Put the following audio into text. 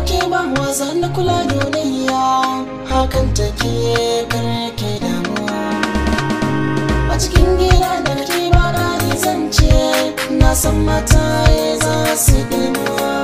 take ba wasa na kula duniya hakan take karke damu a cikin gida da ke ba na zance na san mata za su damuwa